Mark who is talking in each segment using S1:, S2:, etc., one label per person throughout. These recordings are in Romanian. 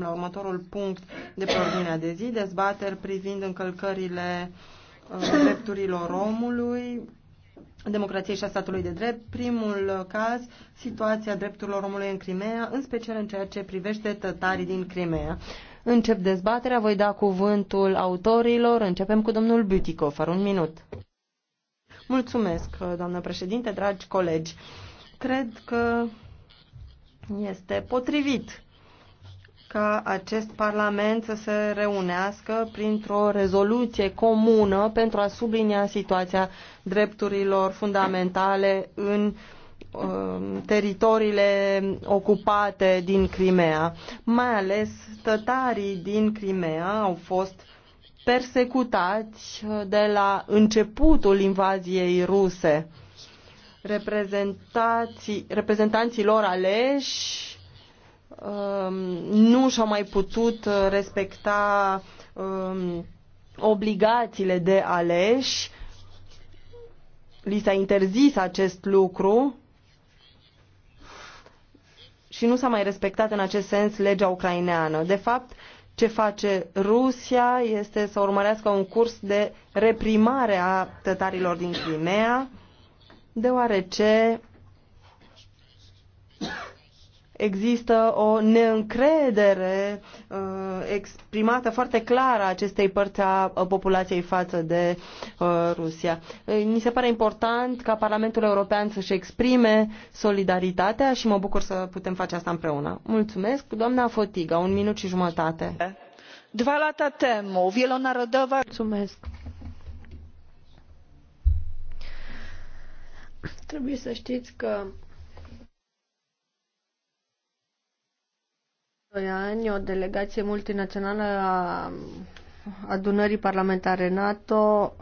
S1: la următorul punct de pe ordinea de zi, dezbateri privind încălcările uh, drepturilor omului, democrației și a statului de drept. Primul caz, situația drepturilor omului în Crimea, în special în ceea ce privește tătarii din Crimea. Încep dezbaterea, voi da cuvântul autorilor. Începem cu domnul fără un minut. Mulțumesc, doamnă președinte, dragi colegi. Cred că este potrivit ca acest Parlament să se reunească printr-o rezoluție comună pentru a sublinia situația drepturilor fundamentale în um, teritoriile ocupate din Crimea. Mai ales tătarii din Crimea au fost persecutați de la începutul invaziei ruse. Reprezentanții, reprezentanții lor aleși Um, nu și-au mai putut uh, respecta um, obligațiile de aleși. Li s-a interzis acest lucru și nu s-a mai respectat în acest sens legea ucraineană. De fapt, ce face Rusia este să urmărească un curs de reprimare a tătarilor din Crimea, deoarece există o neîncredere uh, exprimată foarte clară a acestei părți a populației față de uh, Rusia. Mi se pare important ca Parlamentul European să-și exprime solidaritatea și mă bucur să putem face asta împreună. Mulțumesc, doamna Fotiga, un minut
S2: și jumătate. Dva lata temu, wielonarodowa... Mulțumesc. Trebuie să știți că Doi ani, o delegație multinațională a adunării parlamentare NATO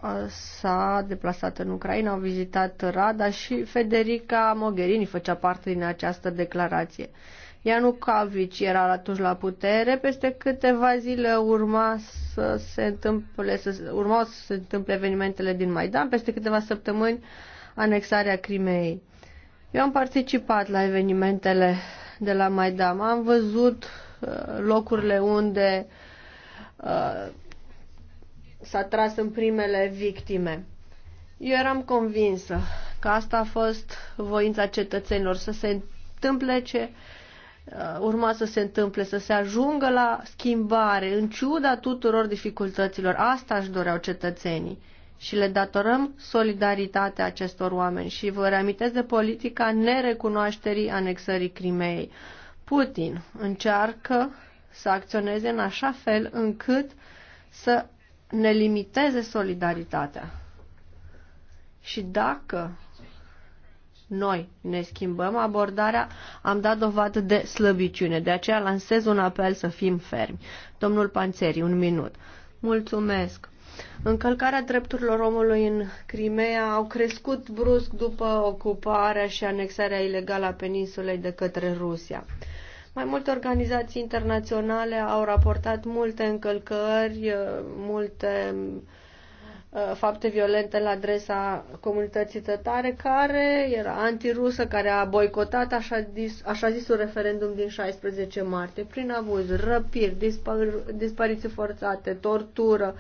S2: s-a deplasat în Ucraina, au vizitat Rada și Federica Mogherini făcea parte din această declarație. Ianukovici era atunci la putere, peste câteva zile urma să se întâmple, să, urmau să se întâmple evenimentele din Maidan, peste câteva săptămâni anexarea Crimeei. Eu am participat la evenimentele de la Maidan, am văzut Uh, locurile unde uh, s-a tras în primele victime. Eu eram convinsă că asta a fost voința cetățenilor, să se întâmple ce uh, urma să se întâmple, să se ajungă la schimbare, în ciuda tuturor dificultăților. Asta își doreau cetățenii și le datorăm solidaritatea acestor oameni și vă reamintesc de politica nerecunoașterii anexării Crimeei. Uh, Putin încearcă să acționeze în așa fel încât să ne limiteze solidaritatea. Și dacă noi ne schimbăm abordarea, am dat dovadă de slăbiciune. De aceea lansez un apel să fim fermi. Domnul Panțeri, un minut. Mulțumesc. Încălcarea drepturilor omului în Crimea au crescut brusc după ocuparea și anexarea ilegală a peninsulei de către Rusia. Mai multe organizații internaționale au raportat multe încălcări, uh, multe uh, fapte violente la adresa comunității tătare, care era antirusă, care a boicotat așa, zis, așa zisul referendum din 16 martie, prin abuz, răpiri, dispar, dispariții forțate, tortură,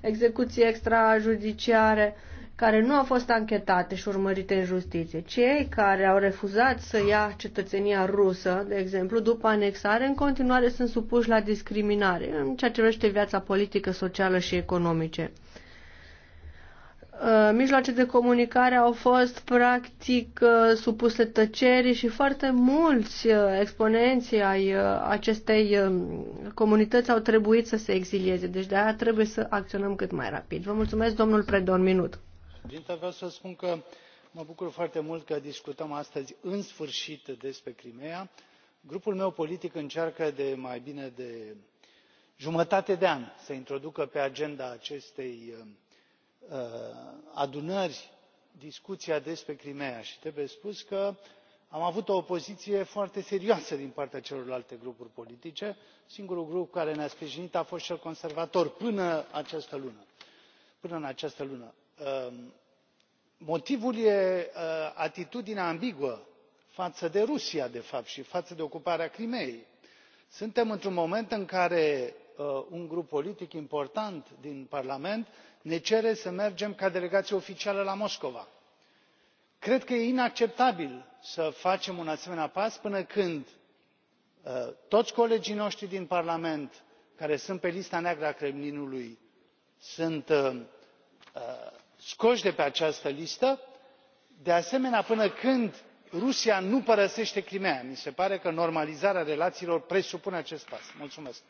S2: execuții extrajudiciare care nu au fost anchetate și urmărite în justiție. Cei care au refuzat să ia cetățenia rusă, de exemplu, după anexare, în continuare sunt supuși la discriminare în ceea ce privește viața politică, socială și economice. Uh, mijloace de comunicare au fost practic uh, supuse tăcerii și foarte mulți uh, exponenții ai acestei um, comunități au trebuit să se exilieze. Deci de aia trebuie să acționăm cât mai rapid. Vă mulțumesc, domnul Predon, minut
S3: vreau să spun că mă bucur foarte mult că discutăm astăzi în sfârșit despre crimeea. grupul meu politic încearcă de mai bine de jumătate de an să introducă pe agenda acestei uh, uh, adunări discuția despre crimeea și trebuie spus că am avut o opoziție foarte serioasă din partea celorlalte grupuri politice singurul grup care ne a sprijinit a fost cel conservator până această lună până în această lună. Um, motivul e uh, atitudinea ambiguă față de rusia de fapt și față de ocuparea crimeii. suntem într un moment în care uh, un grup politic important din parlament ne cere să mergem ca delegație oficială la moscova. cred că e inacceptabil să facem un asemenea pas până când uh, toți colegii noștri din parlament care sunt pe lista neagră a kremlinului sunt scoși de pe această listă de asemenea până când rusia nu părăsește crimeea. mi se pare că normalizarea relațiilor presupune acest pas. mulțumesc.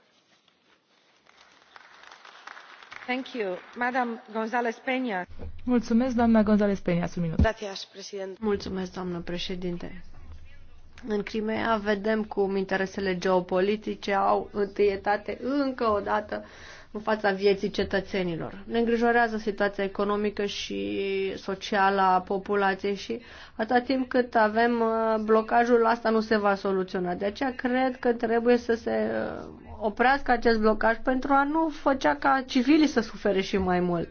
S2: Mulțumesc, doamnă președintă în crimeea vedem cum interesele geopolitice au întâietate încă o dată în fața vieții cetățenilor. Ne îngrijorează situația economică și socială a populației și atâta timp cât avem uh, blocajul, asta nu se va soluționa. De aceea cred că trebuie să se uh, oprească acest blocaj pentru a nu făcea ca civilii să sufere și mai mult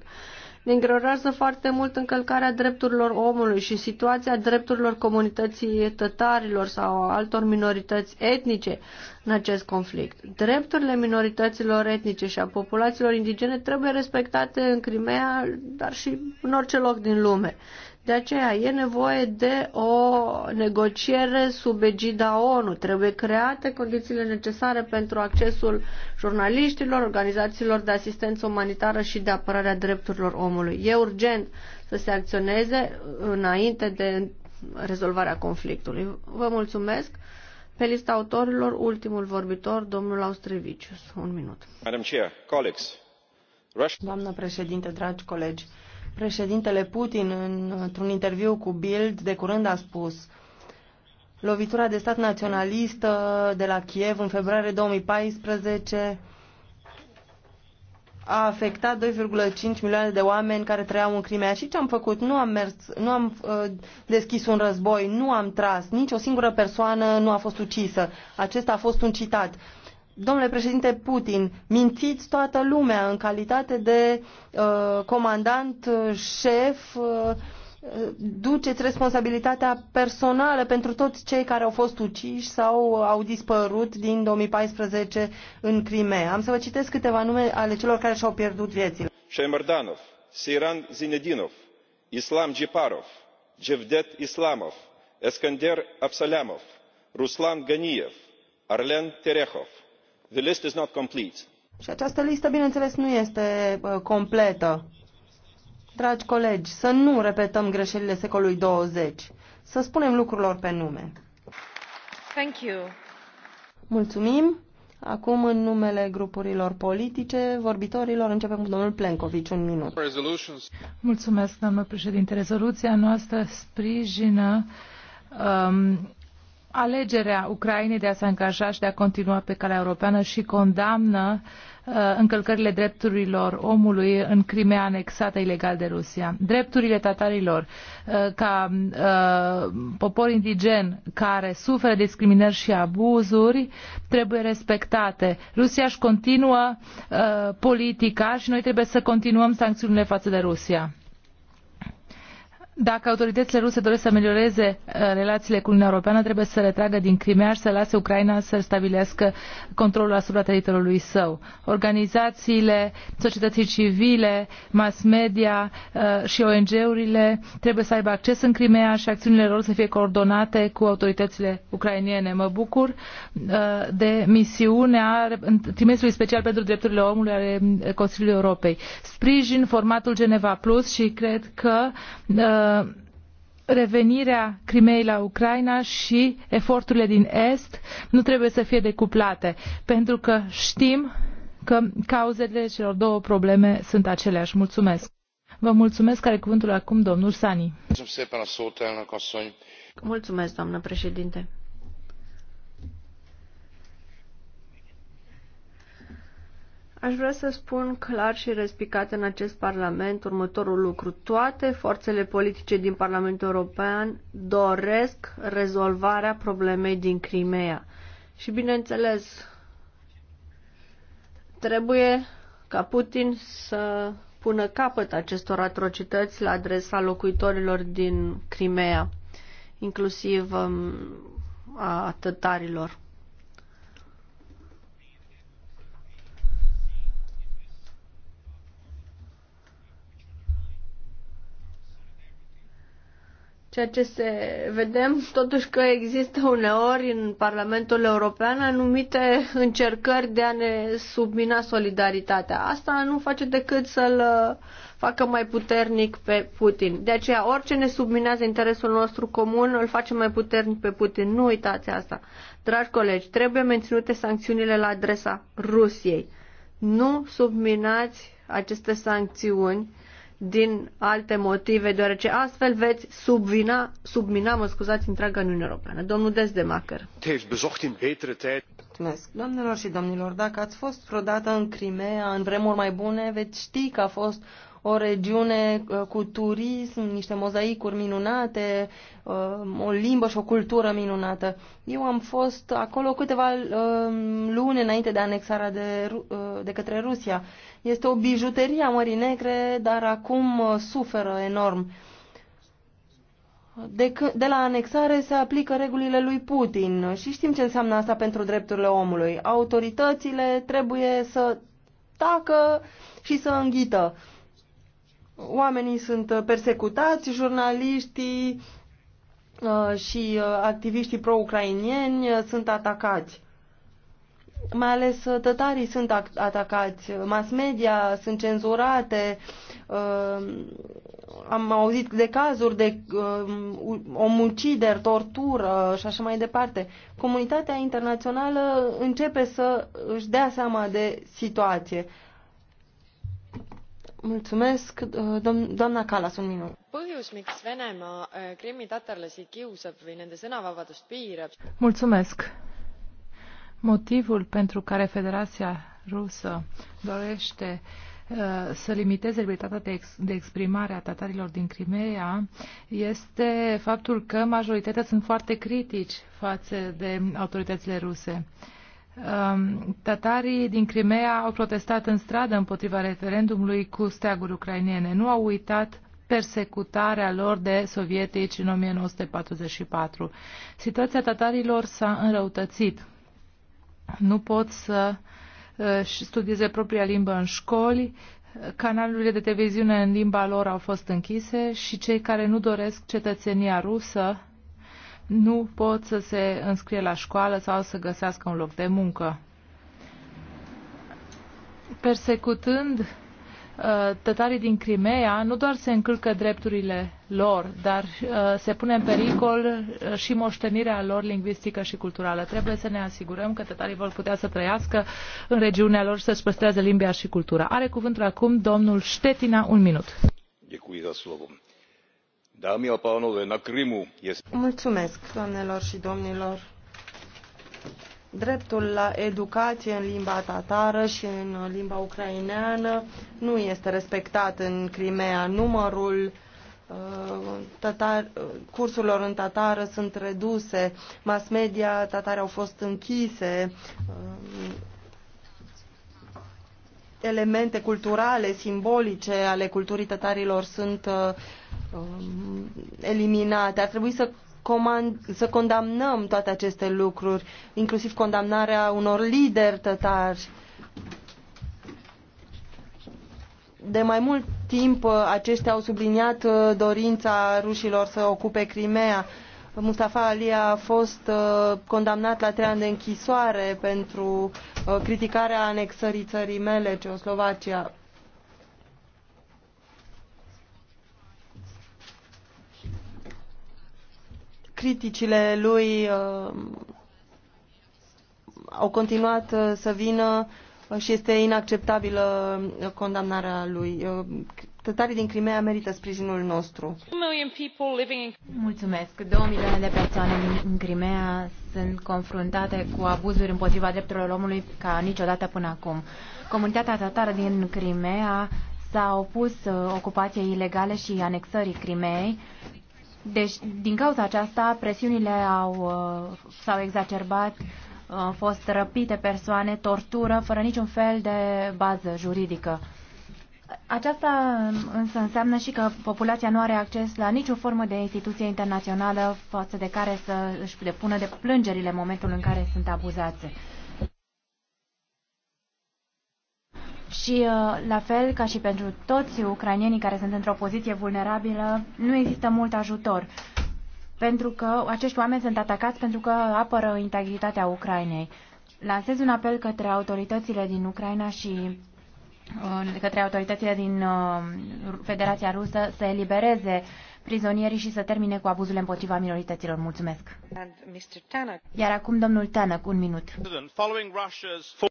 S2: ne îngrorează foarte mult încălcarea drepturilor omului și situația drepturilor comunității tătarilor sau altor minorități etnice în acest conflict. Drepturile minorităților etnice și a populațiilor indigene trebuie respectate în Crimea, dar și în orice loc din lume. De aceea e nevoie de o negociere sub egida ONU. Trebuie create condițiile necesare pentru accesul jurnaliștilor, organizațiilor de asistență umanitară și de apărare drepturilor omului. E urgent să se acționeze înainte de rezolvarea conflictului. Vă mulțumesc. Pe lista autorilor, ultimul vorbitor, domnul Austrevicius. Un minut.
S4: Madam Chair, colleagues.
S1: Doamnă președinte, dragi colegi, Președintele Putin, într-un interviu cu Bild, de curând a spus Lovitura de stat naționalistă de la Kiev în februarie 2014 a afectat 2,5 milioane de oameni care trăiau în Crimea. Și ce am făcut? Nu am mers, nu am uh, deschis un război, nu am tras, nici o singură persoană nu a fost ucisă. Acesta a fost un citat. Uh, Domnule președinte Putin, mințiți toată lumea în calitate de uh, comandant uh, șef, uh, duceți responsabilitatea personală pentru toți cei care au fost uciși sau au dispărut din 2014 în Crimea. Am să vă citesc câteva nume ale celor care și-au pierdut viețile.
S4: Shemerdanov, Siran Zinedinov, Islam Giparov, Jevdet Islamov, Eskender Absalamov, Ruslan Ganiev, Arlen Terehov, the list is not complete.
S1: Și această listă, bineînțeles, nu este uh, completă. Dragi colegi, să nu repetăm greșelile secolului 20, să spunem lucrurilor pe nume. Thank you. Mulțumim. Acum, în numele grupurilor politice, vorbitorilor, începem cu domnul Plencovici, un minut.
S5: Mulțumesc, doamnă președinte. Rezoluția noastră sprijină um, alegerea Ucrainei de a se angaja și de a continua pe calea europeană și condamnă uh, încălcările drepturilor omului în Crimea anexată ilegal de Rusia. Drepturile tatarilor uh, ca uh, popor indigen care suferă discriminări și abuzuri trebuie respectate. Rusia își continuă politica și noi trebuie să continuăm sancțiunile față de Rusia. Dacă autoritățile ruse doresc să amelioreze uh, relațiile cu Uniunea Europeană, trebuie să se retragă din Crimea și să lase Ucraina să stabilească controlul asupra teritoriului său. Organizațiile, societății civile, mass media uh, și ONG-urile trebuie să aibă acces în Crimea și acțiunile lor să fie coordonate cu autoritățile ucrainiene. Mă bucur uh, de misiunea trimestrului special pentru drepturile omului ale Consiliului Europei. Sprijin formatul Geneva Plus și cred că Uh, revenirea Crimeei la Ucraina și eforturile din Est nu trebuie să fie decuplate, pentru că știm că cauzele celor două probleme sunt aceleași. Mulțumesc! Vă mulțumesc, care cuvântul acum, domnul Sani.
S2: Mulțumesc, doamnă președinte. Aș vrea să spun clar și răspicat în acest Parlament următorul lucru. Toate forțele politice din Parlamentul European doresc rezolvarea problemei din Crimea. Și bineînțeles, trebuie ca Putin să pună capăt acestor atrocități la adresa locuitorilor din Crimea, inclusiv um, a tătarilor. Ceea ce se vedem totuși că există uneori în Parlamentul European anumite încercări de a ne submina solidaritatea. Asta nu face decât să-l uh, facă mai puternic pe Putin. De aceea orice ne subminează interesul nostru comun îl face mai puternic pe Putin. Nu uitați asta. Dragi colegi, trebuie menținute sancțiunile la adresa Rusiei. Nu subminați aceste sancțiuni din alte motive, deoarece astfel veți subvina, submina, mă scuzați, întreaga Uniune Europeană. Domnul Desdemacher.
S4: Mulțumesc.
S1: Doamnelor și domnilor, dacă ați fost vreodată în Crimea, în vremuri mai bune, veți ști că a fost o regiune uh, cu turism, niște mozaicuri minunate, uh, o limbă și o cultură minunată. Eu am fost acolo câteva uh, luni înainte de anexarea de, de către Rusia este o bijuterie a Mării Negre, dar acum uh, suferă enorm. De, de la anexare se aplică regulile lui Putin și știm ce înseamnă asta pentru drepturile omului. Autoritățile trebuie să tacă și să înghită. Oamenii sunt persecutați, jurnaliștii uh, și uh, activiștii pro-ucrainieni sunt atacați mai ales uh, tătarii sunt atacați, mass media sunt cenzurate, uh, am auzit de cazuri de uh, omucideri, tortură și așa mai departe. Comunitatea internațională începe să își dea seama de situație. Mulțumesc,
S5: doamna Kallas, un minut.
S2: Põhjus, miks Venemaa eh, tatarlasi kiusab või nende sõnavabadust piirab.
S5: Mulțumesc Motivul pentru care Federația Rusă dorește uh, să limiteze libertatea de, ex, de exprimare a tatarilor din Crimea este faptul că majoritatea sunt foarte critici față de autoritățile ruse. Um, tatarii din Crimea au protestat în stradă împotriva referendumului cu steaguri ucrainiene. Nu au uitat persecutarea lor de sovietici în 1944. Situația tatarilor s-a înrăutățit nu pot să uh, studieze propria limbă în școli, canalurile de televiziune în limba lor au fost închise și cei care nu doresc cetățenia rusă nu pot să se înscrie la școală sau să găsească un loc de muncă. Persecutând Uh, tătarii din Crimea nu doar se încălcă drepturile lor, dar uh, se pune în pericol uh, și moștenirea lor lingvistică și culturală. Trebuie să ne asigurăm că tătarii vor putea să trăiască în regiunea lor și să-și păstreze limbia și cultura. Are cuvântul acum domnul Ștetina, un minut. Mulțumesc, doamnelor
S1: și domnilor dreptul la educație în limba tatară și în limba ucraineană nu este respectat în Crimea. Numărul uh, tatar, uh, cursurilor în tatară sunt reduse, mass media tatare au fost închise, uh, elemente culturale, simbolice ale culturii tatarilor sunt um, eliminate. Ar trebui să comand, să condamnăm toate aceste lucruri, inclusiv condamnarea unor lideri tătari. De mai mult timp uh, aceștia au subliniat uh, dorința rușilor să ocupe Crimea. Mustafa Ali a fost uh, condamnat la trei ani de închisoare pentru criticarea anexării țării mele, Ceoslovacia criticile lui uh, au continuat uh, să vină uh, și este inacceptabilă condamnarea lui. Tătarii din Crimea merită sprijinul nostru.
S6: Mulțumesc. Două milioane de persoane în Crimea sunt confruntate cu abuzuri împotriva drepturilor omului ca niciodată până acum. Comunitatea tatară din Crimea s-a opus ocupației ilegale și anexării Crimeei deci, din cauza aceasta, presiunile au, uh, s-au exacerbat, au fost răpite persoane, tortură, fără niciun fel de bază juridică. Aceasta însă înseamnă și că populația nu are acces la nicio formă de instituție internațională față de care să își depună de plângerile în momentul în care sunt abuzați. Și uh, la fel ca și pentru toți ucrainienii care sunt într-o poziție vulnerabilă, nu există mult ajutor, pentru că acești oameni sunt atacați pentru că apără integritatea Ucrainei. Lansez un apel către autoritățile din Ucraina și uh, către autoritățile din uh, Federația Rusă să elibereze prizonierii și să termine cu abuzurile împotriva minorităților. Mulțumesc.
S4: Iar acum, domnul Tanăc, un minut.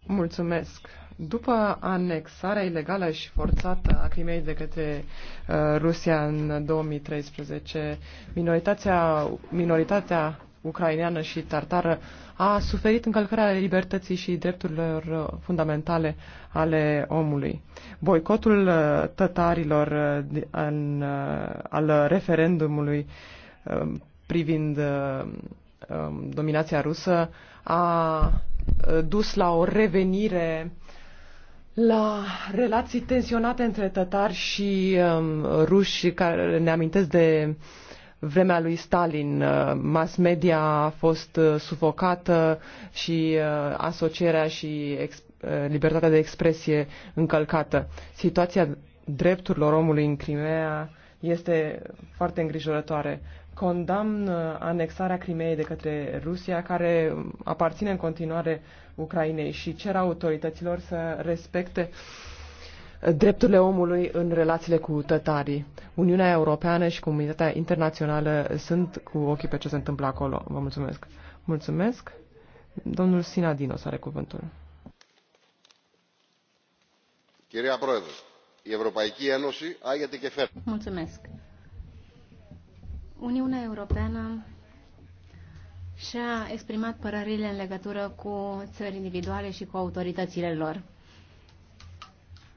S4: Mulțumesc. După anexarea ilegală și forțată a Crimeei de către uh, Rusia în 2013, minoritatea, minoritatea ucraineană și tartară a suferit încălcarea libertății și drepturilor fundamentale ale omului. Boicotul uh, tătarilor uh, în, uh, al referendumului privind um, dominația rusă a dus la o revenire la relații tensionate între tătari și um, ruși care ne amintesc de vremea lui Stalin. Uh, mass media a fost uh, sufocată și uh, asocierea și ex, uh, libertatea de expresie încălcată. Situația drepturilor omului în Crimea este foarte îngrijorătoare condamn uh, anexarea Crimeei de către Rusia, care aparține în continuare Ucrainei și cer autorităților să respecte uh, drepturile omului în relațiile cu tătarii. Uniunea Europeană și comunitatea internațională sunt cu ochii pe ce se întâmplă acolo. Vă mulțumesc. Mulțumesc. Domnul s are cuvântul.
S7: Mulțumesc. Uniunea Europeană și-a exprimat părările în legătură cu țări individuale și cu autoritățile lor.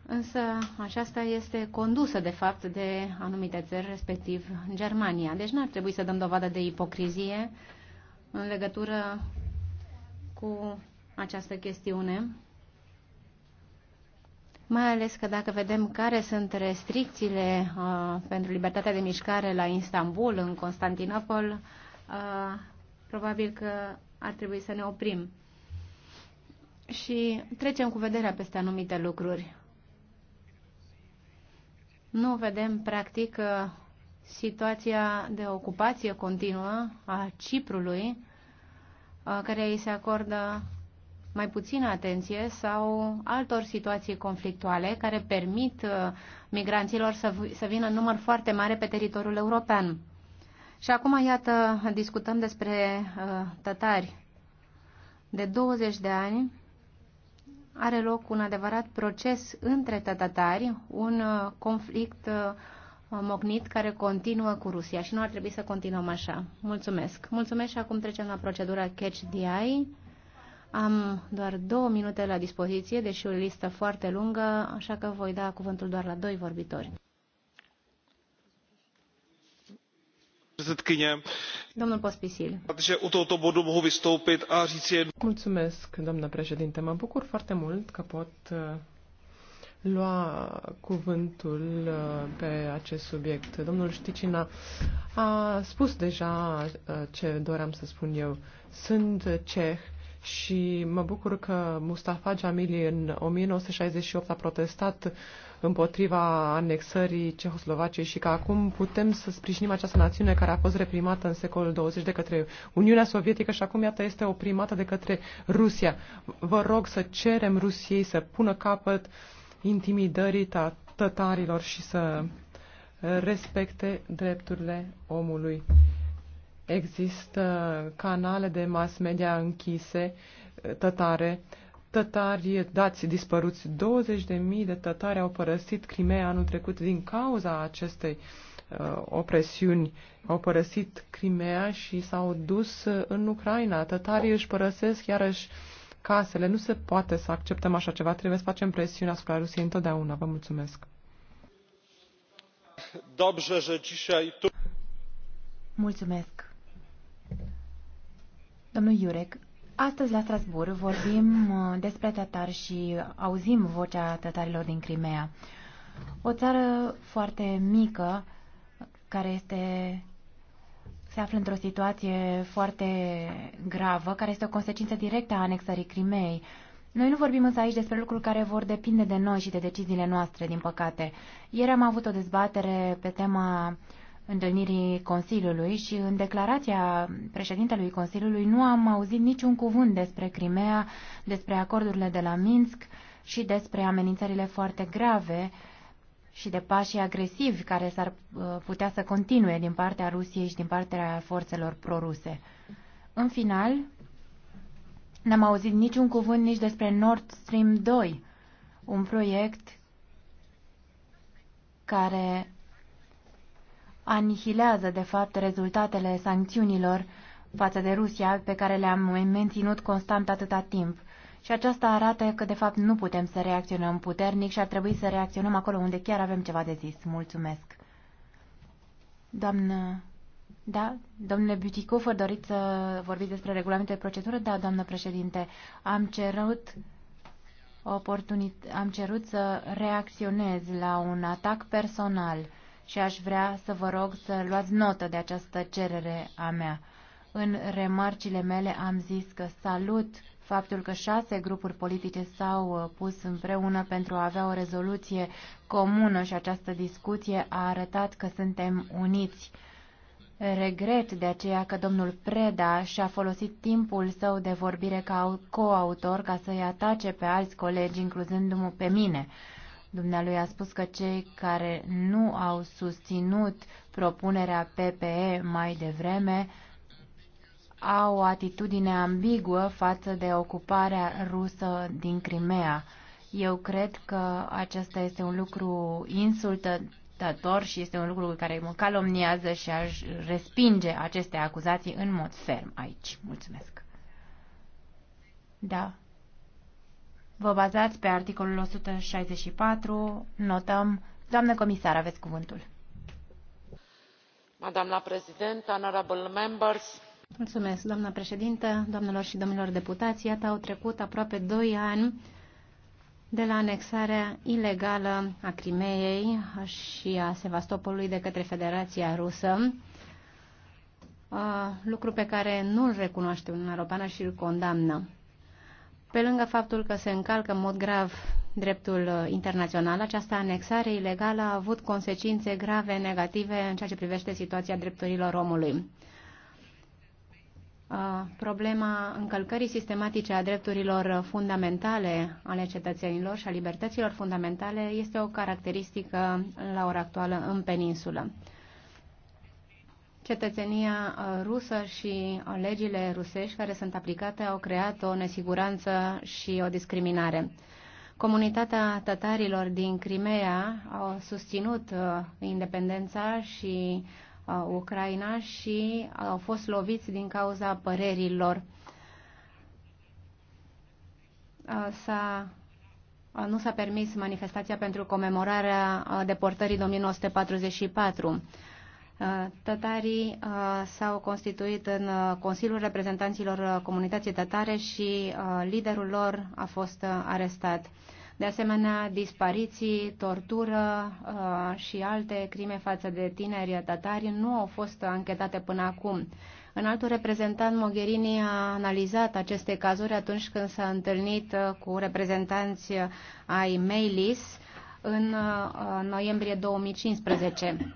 S7: Însă aceasta este condusă, de fapt, de anumite țări, respectiv Germania. Deci nu ar trebui să dăm dovadă de ipocrizie în legătură cu această chestiune mai ales că dacă vedem care sunt restricțiile uh, pentru libertatea de mișcare la Istanbul, în Constantinopol, uh, probabil că ar trebui să ne oprim. Și trecem cu vederea peste anumite lucruri. Nu vedem, practic, uh, situația de ocupație continuă a Ciprului, uh, care îi se acordă mai puțină atenție sau altor situații conflictuale care permit uh, migranților să, să vină în număr foarte mare pe teritoriul european. Și acum, iată, discutăm despre uh, tătari. De 20 de ani are loc un adevărat proces între tătari, un uh, conflict uh, mocnit care continuă cu Rusia și nu ar trebui să continuăm așa. Mulțumesc. Mulțumesc și acum trecem la procedura Catch the Eye. Am doar două minute la dispoziție, deși o listă foarte lungă, așa că voi da cuvântul doar la doi vorbitori.
S4: Domnul Pospisil. Mulțumesc, doamnă președinte. Mă bucur foarte mult că pot uh, lua cuvântul uh, pe acest subiect. Domnul Șticina a spus deja uh, ce doream să spun eu. Sunt ceh și mă bucur că Mustafa Jamili în 1968 a protestat împotriva anexării Cehoslovaciei și că acum putem să sprijinim această națiune care a fost reprimată în secolul 20 de către Uniunea Sovietică și acum iată este oprimată de către Rusia. Vă rog să cerem Rusiei să pună capăt intimidării tătarilor și să respecte drepturile omului. Există canale de mass media închise, eh, tătare, tătari dați dispăruți. 20.000 de tătari au părăsit Crimea anul trecut din cauza acestei uh, opresiuni. Au părăsit Crimea și s-au dus eh, în Ucraina. Tătarii își părăsesc iarăși casele. Nu se poate să acceptăm așa ceva. Trebuie să facem presiune asupra Rusiei întotdeauna. Vă mulțumesc.
S3: Dobrze, że dzisiaj tu...
S4: Mulțumesc.
S6: Domnul Iurec, astăzi la Strasbourg vorbim uh, despre Tatar și auzim vocea tatarilor din Crimea. O țară foarte mică care este se află într-o situație foarte gravă, care este o consecință directă a anexării Crimeei. Noi nu vorbim însă aici despre lucruri care vor depinde de noi și de deciziile noastre, din păcate. Ieri am avut o dezbatere pe tema uh, întâlnirii Consiliului și în declarația președintelui Consiliului nu am auzit niciun cuvânt despre Crimea, despre acordurile de la Minsk și despre amenințările foarte grave și de pașii agresivi care s-ar uh, putea să continue din partea Rusiei și din partea forțelor proruse. În final, n-am auzit niciun cuvânt nici despre Nord Stream 2, un proiect care anihilează, de fapt, rezultatele sancțiunilor față de Rusia pe care le-am menținut constant atâta timp. Și aceasta arată că, de fapt, nu putem să reacționăm puternic și ar trebui să reacționăm acolo unde chiar avem ceva de zis. Mulțumesc. Doamnă... Da? Domnule Buticofer, doriți să vorbiți despre regulamentul de procedură? Da, doamnă președinte. Am cerut oportunit- am cerut să reacționez la un atac personal și aș vrea să vă rog să luați notă de această cerere a mea. În remarcile mele am zis că salut faptul că șase grupuri politice s-au uh, pus împreună pentru a avea o rezoluție comună și această discuție a arătat că suntem uniți. Regret de aceea că domnul Preda și-a folosit timpul său de vorbire ca coautor ca să-i atace pe alți colegi, incluzându-mă pe mine. Dumnealui a spus că cei care nu au susținut propunerea PPE mai devreme au o atitudine ambiguă față de ocuparea rusă din Crimea. Eu cred că acesta este un lucru insultător și este un lucru care mă calomniază și aș respinge aceste acuzații în mod ferm aici. Mulțumesc. Da. Vă bazați pe articolul 164, notăm. Doamnă comisar, aveți cuvântul.
S5: Doamna președintă, honorable members,
S7: Mulțumesc, doamna președintă, doamnelor și domnilor deputați. Iată, au trecut aproape 2 ani de la anexarea ilegală a Crimeei și a Sevastopolului de către Federația Rusă, lucru pe care nu l recunoaște Uniunea Europeană și îl condamnă. Pe lângă faptul că se încalcă în mod grav dreptul uh, internațional, această anexare ilegală a avut consecințe grave negative în ceea ce privește situația drepturilor omului. Uh, problema încălcării sistematice a drepturilor fundamentale ale cetățenilor și a libertăților fundamentale este o caracteristică la ora actuală în peninsulă. Cetățenia uh, rusă și uh, legile rusești care sunt aplicate au creat o nesiguranță și o discriminare. Comunitatea tătarilor din Crimea au susținut uh, independența și Ucraina și au fost loviți din cauza părerilor. S-a nu s-a permis manifestația pentru comemorarea deportării 1944. Uh, tătarii uh, s-au constituit în uh, Consiliul Reprezentanților Comunității Tătare și liderul lor a fost arestat. De asemenea, dispariții, tortură și alte crime față de tineri tătari nu au fost anchetate până acum. În altul reprezentant, Mogherini a analizat aceste cazuri atunci când s-a întâlnit cu reprezentanți ai Meilis în noiembrie 2015.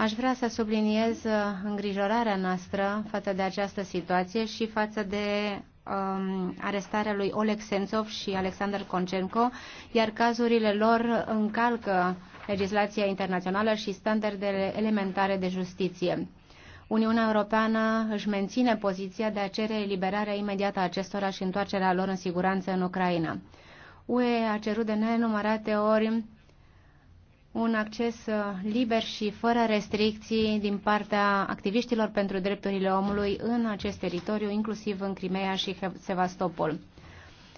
S7: Aș vrea să subliniez uh, îngrijorarea noastră față de această situație și față de um, arestarea lui Oleg Sentsov și Alexander Konchenko, iar cazurile lor încalcă legislația internațională și standardele elementare de justiție. Uniunea Europeană își menține poziția de a cere eliberarea imediată a acestora și întoarcerea lor în siguranță în Ucraina. UE a cerut de nenumărate ori un acces uh, liber și fără restricții din partea activiștilor pentru drepturile omului în acest teritoriu, inclusiv în Crimea și Sevastopol.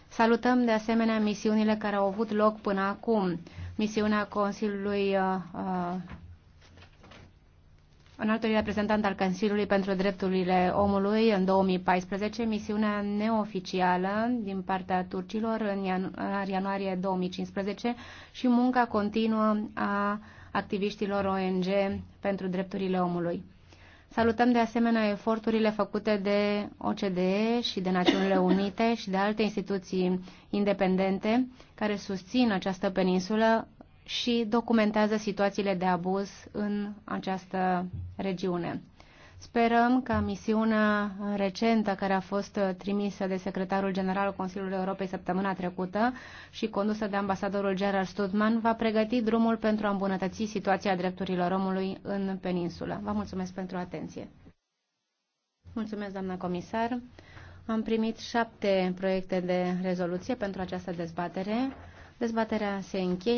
S7: Salutăm de asemenea misiunile care au avut loc până acum. Misiunea Consiliului uh, uh, înaltul reprezentant al Consiliului pentru Drepturile Omului în 2014, misiunea neoficială din partea turcilor în ianuarie 2015 și munca continuă a activiștilor ONG pentru drepturile omului. Salutăm de asemenea eforturile făcute de OCDE și de Națiunile Unite și de alte instituții independente care susțin această peninsulă și documentează situațiile de abuz în această regiune. Sperăm ca misiunea recentă care a fost trimisă de secretarul general al Consiliului Europei săptămâna trecută și condusă de ambasadorul Gerard Studman va pregăti drumul pentru a îmbunătăți situația drepturilor omului în peninsulă. Vă mulțumesc pentru atenție. Mulțumesc, doamna comisar. Am primit șapte proiecte de rezoluție pentru această dezbatere. Dezbaterea se încheie.